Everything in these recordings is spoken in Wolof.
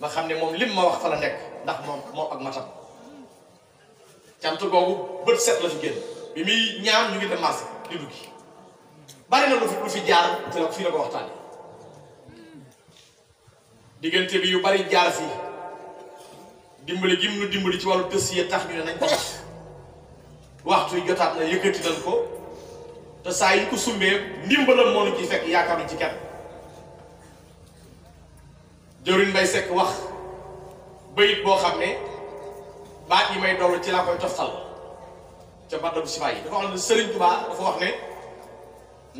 ma xam ne moom lim ma wax fa la nekk ndax moom moom ak matam cant googu bët set la fi génn bi muy ñaan ñu ngi dem marché di duggi bari na lu fi fi jaar te la fii la ko waxtaane diggante bi yu bari jaar si dimbali gim nu dimbali ci wàllu dossier tax ñu ne nañ ko waxtu jotaat na yëkkati nañ ko te saa yi ñu ko sumbee ndimbalam moo nu ci fekk yaakaar ci kenn jëwriñ Mbay Sekk wax bayit boo xam ne baat yi may doolu ci laa koy toftal ca baddabu sifa yi dafa wax ne Sëriñ Tuubaa dafa wax ne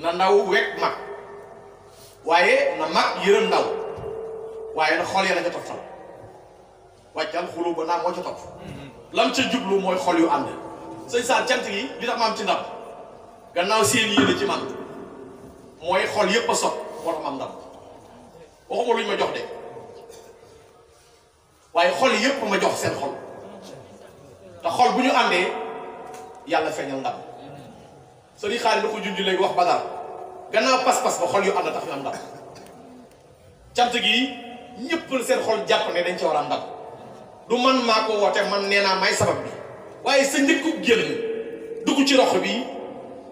na ndaw wekk mag waaye na mag yërëm ndaw waaye na xol ya la ca toftal wàccal xulu ba naa moo ca topp lam ca jublu mooy xol yu ànd sëñ Saal cant gi li tax ma am ci ndam gannaaw seen yéene man mooy xol yépp a sot war a ma am ndam waxuma luñ ma jox de waaye xol yépp ma jox seen xol te xol bu ñu àndee yàlla feeñal ndam sëriñ xaari da ko junj léegi wax badar gannaaw pas-pas ba xol yu ànd tax ñu am ndam cant gi ñëpp seen xol jàpp ne dañ ci war a am ndam du man maa ko woote man nee naa may sabab bi waaye sa njëkku génn dugg ci rox bi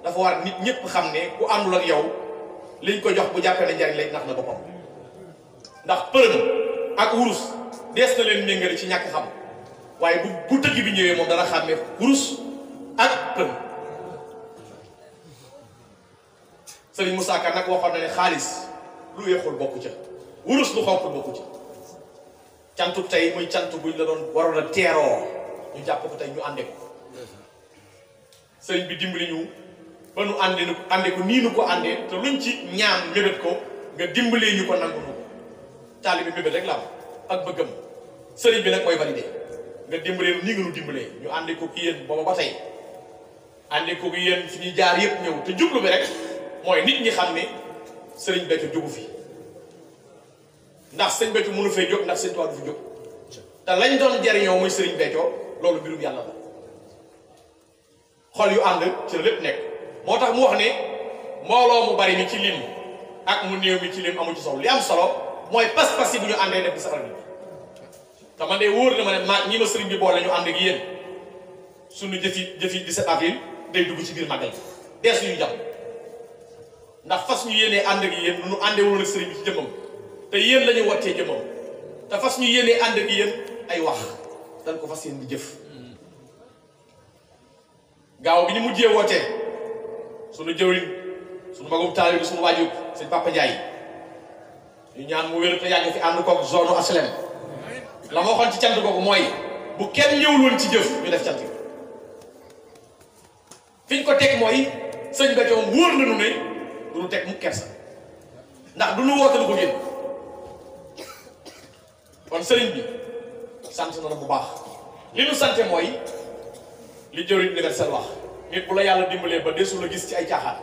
dafa war nit ñëpp xam ne ku àndul ak yow liñ ko jox bu jàppee ne njariñ lañ nax na boppam ndax përëm ak wurus dees na leen méngale ci ñàkk xam waaye bu bu tëgg bi ñëwee moom dana xàmmee kurus ak pën Sëriñ Moussa Ka nag waxoon na ne xaalis lu yeexul bokku ca wurus lu xonqul bokku ca cantu tey muy cant buñ la doon waroon a teeroo ñu jàpp ko tey ñu ànde ko sëriñ bi dimbali ñu ba nu ànde nu ànde ko nii nu ko àndee te luñ ci ñaam mébét ko nga dimbali ñu ko nangu nu ko mébét rek la am ak bëggam sëriñ bi nag mooy validé nga dimbalee nii nga nu dimbalee ñu àndi ko ki yéen booba ba tey àndi ko ki yéen suñuy jaar yëpp ñëw te jublu bi rek mooy nit ñi xam ne sëriñ beccu jógu fi ndax sëñ beccu mënu fee jóg ndax sëñ Tuubaa du fi jóg te lañ doon jariñoo muy sëriñ beccoo loolu mbirum yàlla la xol yu ànd ci la lépp nekk moo tax mu wax ne mbooloo mu bari mi ci lim ak mu néew mi ci lim amuñu ci li am solo mooy pas-pas yi bu ñu àndee nekk saxal bi te man de wóor na ma ne maa ñi ma sëriñ bi boole ñu ànd ak yéen suñu jëfi jëfi 17 avril day dugg ci biir màggal dee suñu jàpp ndax fas ànd ak yéen àndee woon ak sëriñ te yéen la ñu wattee jëmmam te fas ñu ànd ak yéen ay wax dañ ko fas yéen di jëf gaaw bi ñu mujjee wootee suñu jëwriñ suñu magum taal bi suñu waajur sëñ Papa ñu ñaan mu wér te yàgg fi ànd koog zone aslem la ma waxoon ci cant kooku mooy bu kenn ñëwul woon ci jëf ñu def cant ko teg mooy sëñ Béthio wóor nañu teg mu ndax du lu ko génn kon sëriñ bi sant na bu baax li ñu sante mooy li jëriñ li nga seen wax nit la yàlla dimbalee ba desul la gis ci ay caaxaan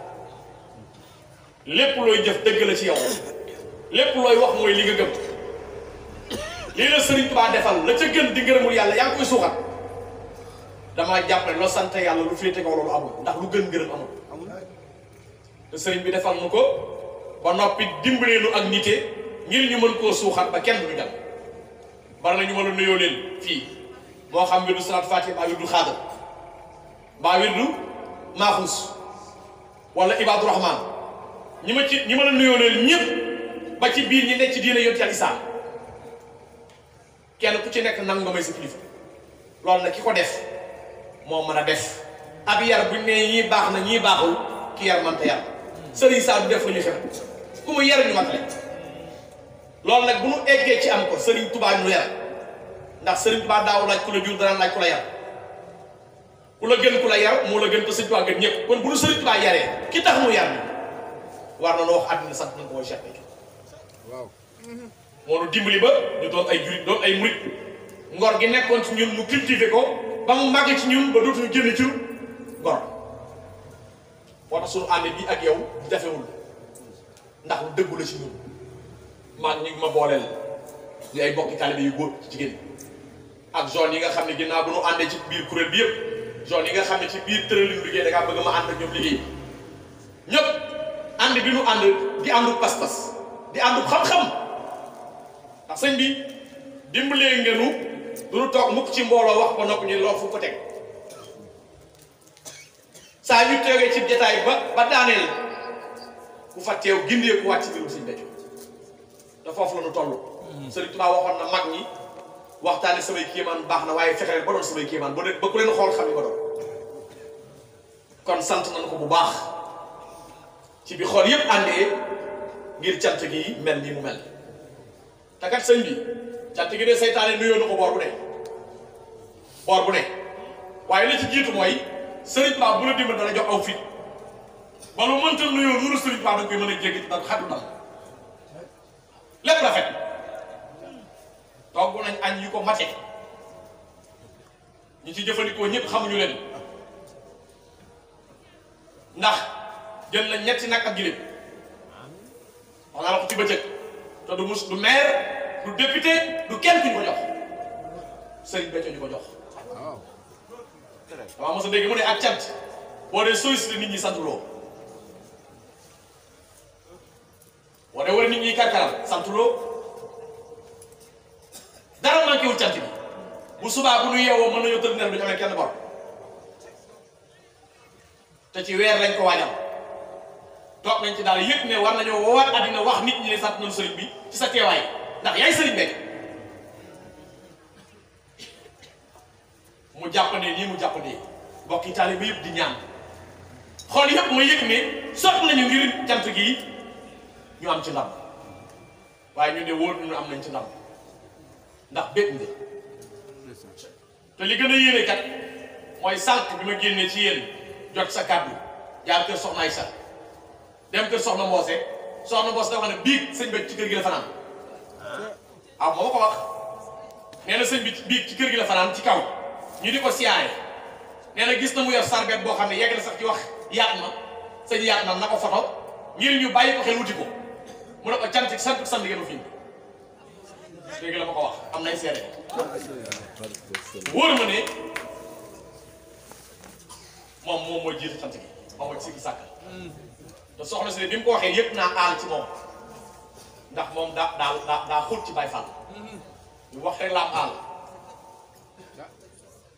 lépp looy jëf dëgg la ci yow lépp looy wax mooy li nga gëm lii la Sëriñ Tuubaa defal la ca gën di ngërëmul yàlla yaa koy suuxat dama jàpp loo sant yàlla lu féete kaw loolu amul ndax lu gën ngërëm amul te sëriñ bi defal nu ko ba noppi dimbaleenu ak nite ngir ñu mën koo suuxat ba kenn bu jàpp bari na ñu mën a nuyoo leen fii moo xam wirdu salaat faatiha mbaa wirdu xaadar mbaa wirdu maaxuus wala ibaadu rahmaan ñi ma ci ñi mën a nuyoo leen ñëpp ba ci biir ñi nekk ci diine yonti yàlla Isaa kenn ku ci nekk nangu nga may sa kilifa loolu nag ki ko def moo mën a def ab yar buñ ne ñii baax na ñii baaxul ki yar manta yar sëriñ Saa du def ko ñu xew ku mu yar ñu matale loolu nag bu nu eggee ci am ko sëriñ Tubaa ñu yar ndax sëriñ Tubaa daaw laaj ku la jur dana laaj ku la yar ku la gën ku la yar moo la gën ko sëriñ Tubaa gën ñëpp kon bu nu sëriñ Tubaa yaree ki tax mu yar war na noo wax àddina sant na moo nu dimbali ba ñu doon ay jurit ay murit ngor gi nekkoon ci ñun mu cultivé ko ba mu màgg ci ñun ba dootuñu génn ci ngor moo tax suñu ànd bi ak yow jafewul ndax dëggu la si ñun man ñu ngi ma booleel ñu ay bokki taalibe yu góor ci jigéen ak zone yi nga xam ne ginnaaw bu nu àndee ci biir kuréel bi yëpp zone yi nga xam ne ci biir tëralin liggéey da ngaa bëgg ma ànd ak ñoom liggéey ñëpp ànd bi nu ànd di àndu pas-pas di ànd xam-xam ndax sëñ bi dimbalee ngenu du nu toog mukk ci mbooloo wax ba noppi ñu loo fu ko teg saa ñu toogee ci jataay ba ba daaneel ku fa teew gindee ku wàcc ci biiru sëñ Béthio te foofu la nu toll hmm. Sëriñ Tuubaa waxoon na mag ñi waxtaane samay kéemaan baax na waaye fexe ba doon samay kéemaan ba de ba ku leen xool xam ni ba doon kon sant nañu ko bu baax ci bii xool yépp àndee ngir jant gi mel ni mu mel te sëñ bi cant gi de seytaane nuyoo na ko boor bu ne boor bu ne waaye li ci jiitu mooy sëriñ Ba bu la dimbal dana jox aw fit ba mënta nuyoo nuuru sëriñ Ba da koy mën a jéggi ndax xatu na lépp rafet togg nañ añ yu ko mate ñu ci jëfandikoo ñëpp xamuñu leen ndax jël la ñetti nag ak giléem wax naa ko ci bëccëg te du mus du maire du député du kenn ku ñu ko jox sëriñ Béthio ñu ko jox oh. waaw mos a dégg mu ne ak cant boo dee sollicité nit ñi santuloo boo dee war nit ñi karkaral santuloo dara a wul cant bi bu subaa bu nu yeewoo mën nañoo tëdd nelaw du ñu amee kenn bor te ci weer lañ ko waajal toog nañ ci daal yëpp ne war nañoo a àddina wax nit ñi ne sant nañu sëriñ bi ci sa teewaay ndax yaay sëriñ mu jàppandee nii mu jàppandee mbokki taalibe yëpp di ñaan xool yëpp ma nañu ngir gi ñu am waaye ñu ne am nañ ci ndam ndax bég nga gën a yéene kat mooy sànq bi ma génnee ci yéen jot sa kàddu dem kër soxna Mboose soxna Mboose dafa ne biig sëñ bi ci kër gi la fanaan waaw ah. ah, moo ko wax nee na sëñ bi biig ci kër gi la fanaan ci kaw ñu di ko siyaare nee na gis na mu yor sarbet boo xam ne yegg na sax ci wax yaat ma sëñ yaat ma na ko foto ngir ñu bàyyi ko xel wuti ko mu ne ko cant ak sant sant ngeen ma fi léegi la ko wax am nay seede wóor ne moom moom moo jiitu sant moom moo ci sàkk hmm. te soxna si ne bi mu ko waxee yëpp naa aal ci moom ndax moom daa xut ci Baay Fall ñu mm-hmm. wax rek laa aal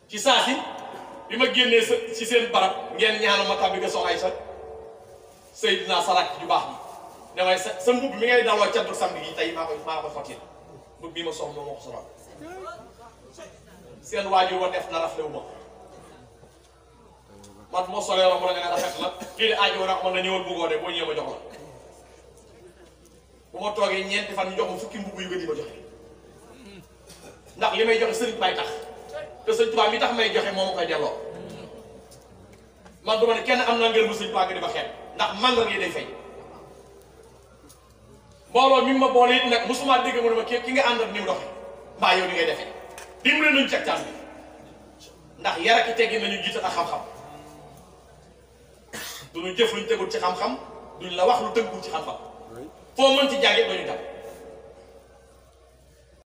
ci saa si bi ma génnee sa ci seen barab ngeen ñaanu ma tàbbi nga soxay sa Seydina Sarak ju baax bi ne waaye sa sa mbubb mi ngay daloo caddu samedi gi tey maa ko maa ko fottil mbubb bi ma soxla moo ko solal seen waajur wa def na rafetlu ma. man fu ma solee romb la nga ne rafet la kii di aajo nag man na ñëwal bëggoo de boo ñëwee ma jox la bu ma toogee ñeenti fan jox ma fukki mbubb yu gën yi ma joxe ndax li may joxe sëriñ bay tax te sëriñ tax may joxe moom ma koy delloo man du ma ne kenn am naa ngërëmu sëriñ Tuubaa nga di ma xeet ndax màngal ngi day fay mbooloo mi ma boole it nag mosuma dégg mu ma ki ki nga ànd ak ni mu doxe ngay defee dimbali nañu bi ndax yar ak teggin nañu jiital ak xam-xam. duñu jëf luñ tegul ci xam-xam duñ la wax lu tëggul ci xam-xam foo mën ci jaage dooñu dal